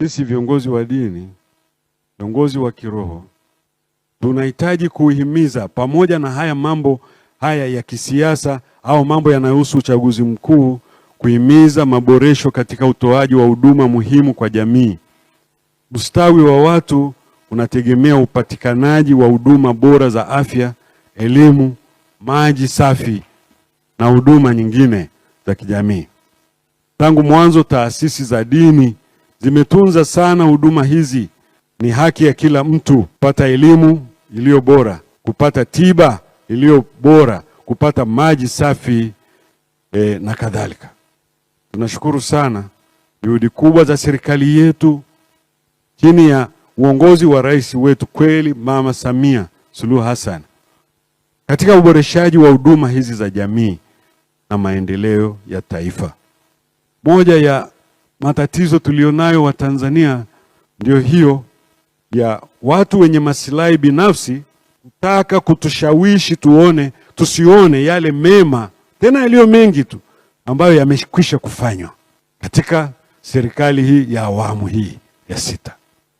Sisi viongozi wa dini, viongozi wa kiroho tunahitaji kuhimiza, pamoja na haya mambo haya ya kisiasa au mambo yanayohusu uchaguzi mkuu, kuhimiza maboresho katika utoaji wa huduma muhimu kwa jamii. Ustawi wa watu unategemea upatikanaji wa huduma bora za afya, elimu, maji safi na huduma nyingine za kijamii. Tangu mwanzo taasisi za dini zimetunza sana huduma hizi. Ni haki ya kila mtu kupata elimu iliyo bora, kupata tiba iliyo bora, kupata maji safi e, na kadhalika. Tunashukuru sana juhudi kubwa za serikali yetu chini ya uongozi wa rais wetu kweli Mama Samia Suluhu Hassan katika uboreshaji wa huduma hizi za jamii na maendeleo ya taifa. Moja ya matatizo tulionayo wa Tanzania ndio hiyo ya watu wenye masilahi binafsi kutaka kutushawishi tuone tusione yale mema tena yaliyo mengi tu ambayo yamekwisha kufanywa katika serikali hii ya awamu hii ya sita.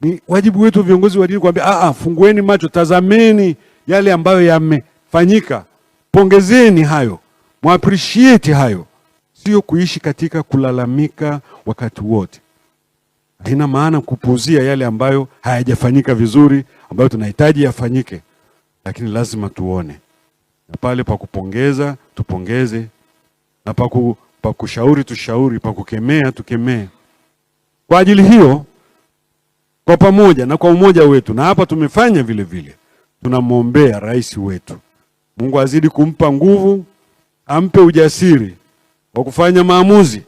Ni wajibu wetu viongozi wa dini kuambia a, ah, ah, fungueni macho, tazameni yale ambayo yamefanyika, pongezeni hayo, mwapreciate hayo sio kuishi katika kulalamika wakati wote. Haina maana kupuuzia yale ambayo hayajafanyika vizuri, ambayo tunahitaji yafanyike, lakini lazima tuone, na pale pa kupongeza tupongeze, na pa pa kushauri tushauri, pa kukemea tukemee. Kwa ajili hiyo, kwa pamoja na kwa umoja wetu, na hapa tumefanya vile vile, tunamwombea rais wetu, Mungu azidi kumpa nguvu, ampe ujasiri wa kufanya maamuzi,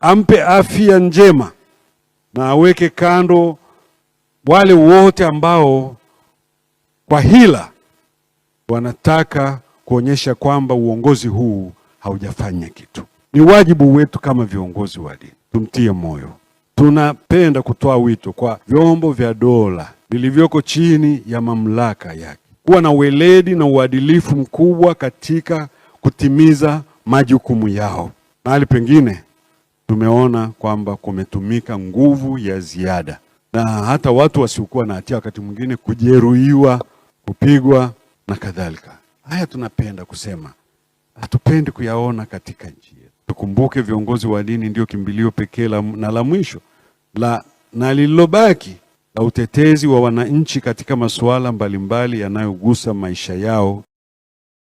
ampe afya njema na aweke kando wale wote ambao kwa hila wanataka kuonyesha kwamba uongozi huu haujafanya kitu. Ni wajibu wetu kama viongozi wa dini tumtie moyo. Tunapenda kutoa wito kwa vyombo vya dola vilivyoko chini ya mamlaka yake kuwa na weledi na uadilifu mkubwa katika kutimiza majukumu yao. Mahali pengine tumeona kwamba kumetumika nguvu ya ziada na hata watu wasiokuwa na hatia wakati mwingine kujeruhiwa, kupigwa na kadhalika. Haya tunapenda kusema, hatupendi kuyaona katika nchi yetu. Tukumbuke viongozi wa dini ndio kimbilio pekee na la mwisho la na lililobaki la utetezi wa wananchi katika masuala mbalimbali yanayogusa maisha yao.